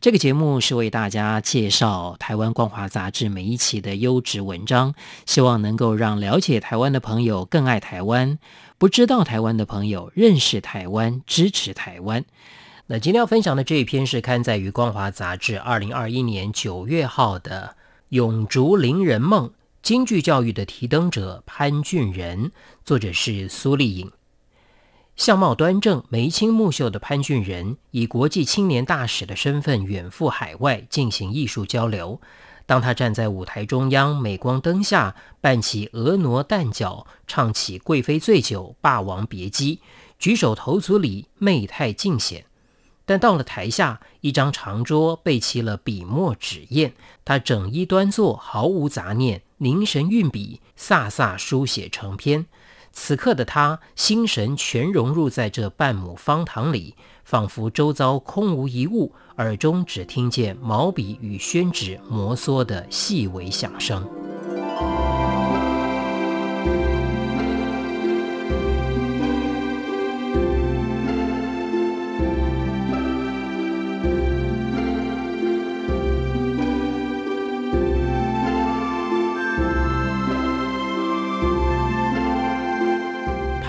這個節目是為大家介紹台灣光華雜誌每一期的優質文章，希望能夠讓了解台灣的朋友更愛台灣，不知道台灣的朋友認識台灣，支持台灣。那今天要分享的這一篇是刊載於《光華雜誌》二零二一年九月號的《勇逐伶人夢》，京劇教育的提燈者潘俊仁，作者是蘇俐穎。相貌端正、眉清目秀的潘俊仁，以國際青年大使的身份遠赴海外進行藝術交流。當他站在舞台中央、鎂光燈下，扮起婀娜旦角，唱起《貴妃醉酒》《霸王別姬》，舉手投足裡媚態盡顯。但到了台下，一張長桌備齊了筆墨紙硯，他整衣端坐，毫無雜念，凝神運筆，颯颯書寫成篇。此刻的他，心神全融入在這半畝方塘裡，仿佛周遭空無一物，耳中只聽見毛筆與宣紙摩挲的細微響聲。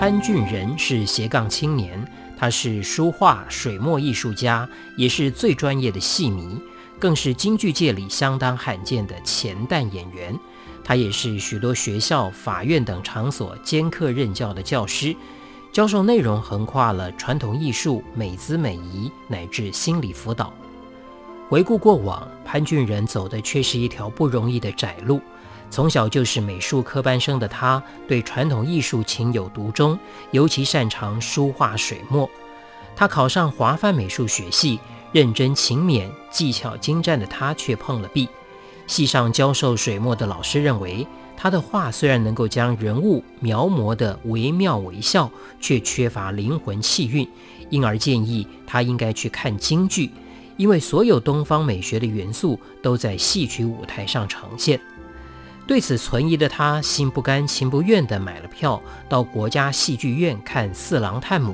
潘俊仁是斜槓青年，他是書畫水墨藝術家，也是最專業的戲迷，更是京劇界裡相當罕見的乾旦演員。他也是許多學校、法院等場所兼課任教的教師，教授內容橫跨了傳統藝術、美姿美儀乃至心理輔導。回顧過往，潘俊仁走的卻是一條不容易的窄路。從小就是美術科班生的他，對傳統藝術情有獨鍾，尤其擅長書畫水墨。他考上華梵美術學系，認真勤勉、技巧精湛的他卻碰了壁。系上教授水墨的老師認為，他的畫雖然能夠將人物描摹得惟妙惟肖，卻缺乏靈魂氣韻，因而建議他應該去看京劇，因為所有東方美學的元素都在戲曲舞台上呈現。對此存疑的他，心不甘情不願地買了票，到國家戲劇院看《四郎探母》。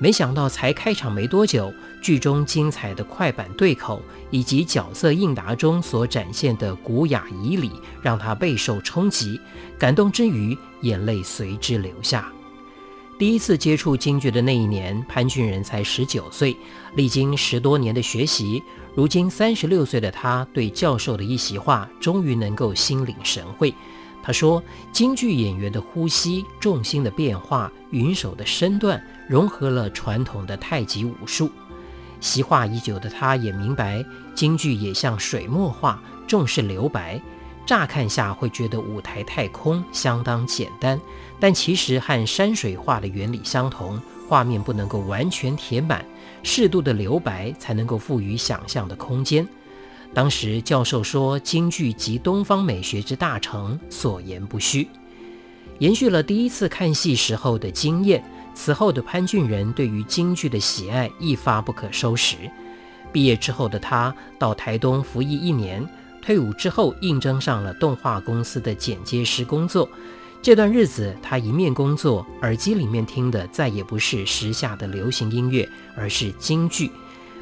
沒想到才開場沒多久，劇中精彩的快板對口以及角色應答中所展現的古雅儀禮，讓他備受衝擊，感動之餘，眼淚隨之流下。第一次接觸京劇的那一年，潘俊仁才十九歲。歷經十多年的學習，如今三十六歲的他，對教授的一席話終於能夠心領神會。他說，京劇演員的呼吸、重心的變化、雲手的身段，融合了傳統的太極武術。習畫已久的他，也明白京劇也像水墨畫，重視留白。乍看下會覺得舞台太空，相當簡單，但其實和山水畫的原理相同，畫面不能夠完全填滿。適度的留白才能夠賦予想象的空間。當時教授說：“京劇集東方美學之大成，所言不虛。”延續了第一次看戲時候的經驗，此後的潘俊仁對於京劇的喜愛一發不可收拾。畢業之後的他到台東服役一年，退伍之後應徵上了動畫公司的剪接師工作。這段日子，他一面工作，耳機裡面聽的再也不是時下的流行音樂，而是京劇。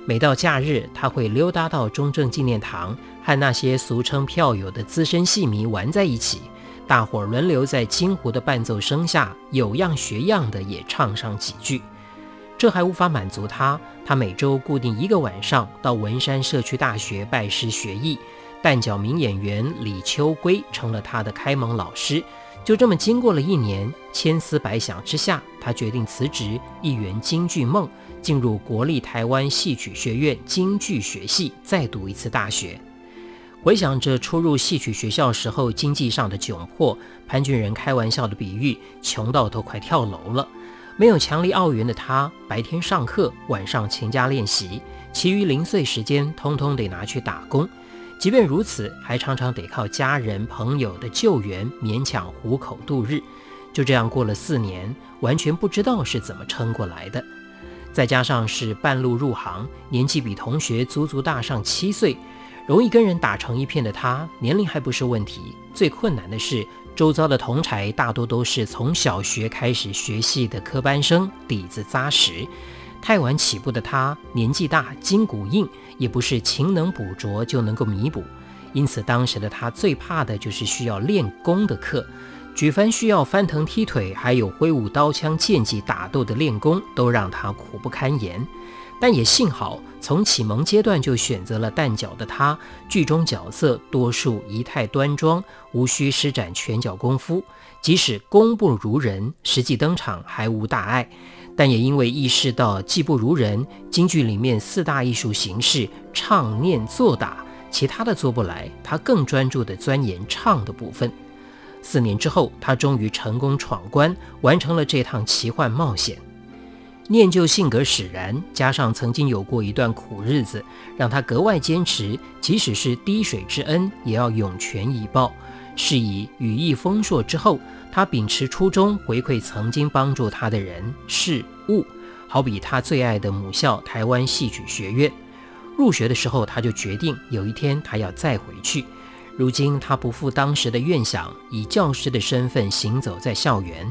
每到假日，他會溜達到中正紀念堂，和那些俗稱票友的資深戲迷玩在一起。大伙兒輪流在京胡的伴奏聲下，有樣學樣的也唱上幾句。這還無法滿足他，他每周固定一個晚上到文山社區大學拜師學藝，旦角名演員李秋歸成了他的開蒙老師。就這麼經過了一年，千思百想之下，他決定辭職，一圓京劇夢，進入國立臺灣戲曲學院京劇學系，再讀一次大學。回想着初入戲曲學校時候經濟上的窘迫，潘俊仁開玩笑的比喻：“窮到都快跳樓了。”沒有強力奧援的他，白天上課，晚上勤加練習，其餘零碎時間通通得拿去打工。即便如此，還常常得靠家人、朋友的救援，勉強糊口度日。就這樣過了四年，完全不知道是怎麼撐過來的。再加上是半路入行，年紀比同學足足大上七歲，容易跟人打成一片的他，年齡還不是問題。最困難的是，周遭的同儕大多都是從小學開始學戲的科班生，底子扎實。太晚起步的他，年紀大，筋骨硬，也不是勤能補拙就能夠彌補。因此，當時的他最怕的就是需要練功的課，舉凡需要翻騰踢腿，還有揮舞刀槍劍戟打鬥的練功，都讓他苦不堪言。但也幸好，從啟蒙階段就選擇了旦角的他，劇中角色多數儀態端莊，無需施展拳腳功夫，即使功不如人，實際登場還無大礙。但也因為意識到技不如人，京劇裡面四大藝術形式唱、念、做、打，其他的做不來，他更專注地鑽研唱的部分。四年之後，他終於成功闖關，完成了這趟奇幻冒險。念舊性格使然，加上曾經有過一段苦日子，讓他格外堅持，即使是滴水之恩，也要湧泉以報，是以羽翼豐碩之後。他秉持初衷，回饋曾經幫助他的人事物，好比他最愛的母校台灣戲曲學院。入學的時候，他就決定有一天他要再回去。如今，他不負當時的願想，以教師的身份行走在校園。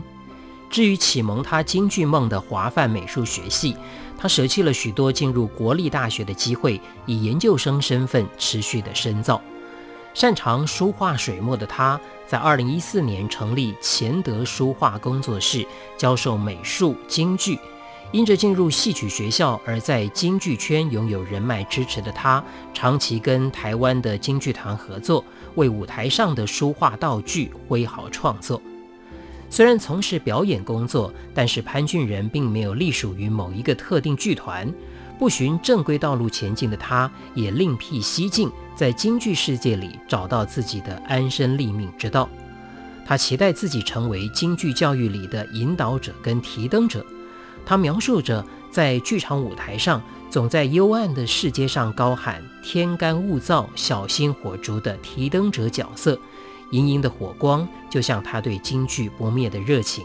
至於啟蒙他京劇夢的華梵美術學系，他捨棄了許多進入國立大學的機會，以研究生身份持續的深造。擅長書畫水墨的他，在二零一四年成立乾德書畫工作室，教授美術、京劇。因着進入戲曲學校而在京劇圈擁有人脈支持的他，長期跟台灣的京劇團合作，為舞台上的書畫道具揮毫創作。雖然從事表演工作，但是潘俊仁並沒有隸屬於某一個特定劇團。不循正規道路前進的他，也另闢蹊徑，在京劇世界裡找到自己的安身立命之道。他期待自己成為京劇教育裡的引導者跟提燈者。他描述着在劇場舞台上，總在幽暗的世界上高喊“天乾物燥，小心火燭”的提燈者角色。瑩瑩的火光，就像他對京劇不滅的熱情。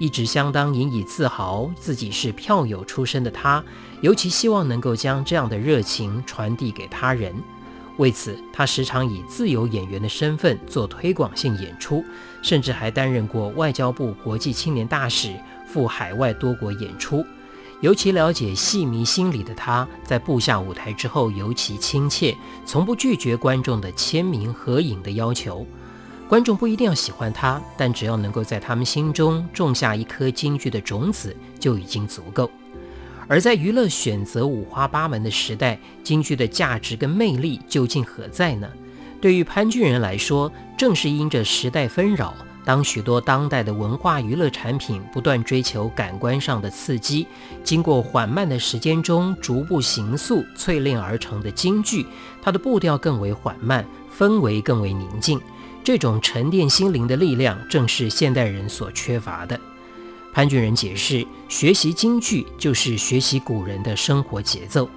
一直相當引以自豪，自己是票友出身的他，尤其希望能夠將這樣的熱情傳遞給他人。為此，他時常以自由演員的身份做推廣性演出，甚至還擔任過外交部國際青年大使，赴海外多國演出。尤其了解戲迷心理的他，在步下舞台之後尤其親切，從不拒絕觀眾的簽名合影的要求。觀眾不一定要喜歡他，但只要能夠在他們心中種下一顆京劇的種子就已經足夠。而在娛樂選擇五花八門的時代，京劇的價值跟魅力究竟何在呢？對於潘俊仁來說，正是因着時代紛擾，當許多當代的文化娛樂產品不斷追求感官上的刺激，經過緩慢的時間中逐步形塑、淬煉而成的京劇，它的步調更為緩慢，氛圍更為寧靜。這種沉澱心靈的力量，正是現代人所缺乏的。潘俊仁解釋，學習京劇就是學習古人的生活節奏。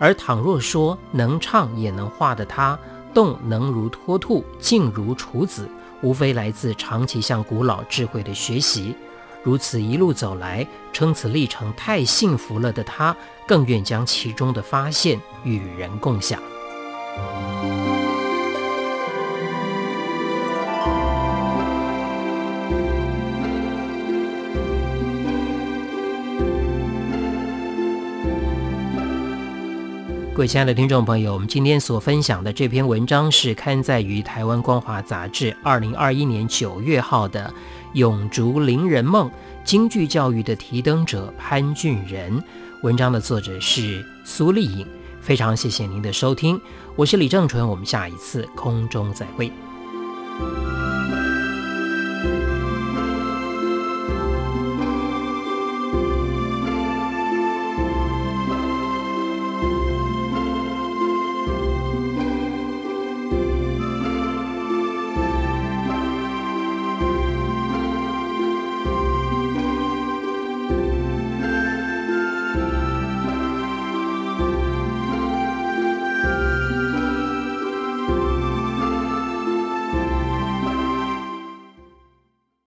而倘若說能唱也能畫的他，動能如脫兔，靜如處子，無非來自長期向古老智慧的學習。如此一路走來，稱此歷程太幸福了的他，更願將其中的發現與人共享。各位親愛的聽眾朋友，我們今天所分享的這篇文章是刊載於台灣《光華》雜誌二零二一年九月號的《勇逐伶人夢：京劇教育的提燈者潘俊仁》。文章的作者是蘇俐穎。非常謝謝您的收聽，我是李正淳，我們下一次空中再會。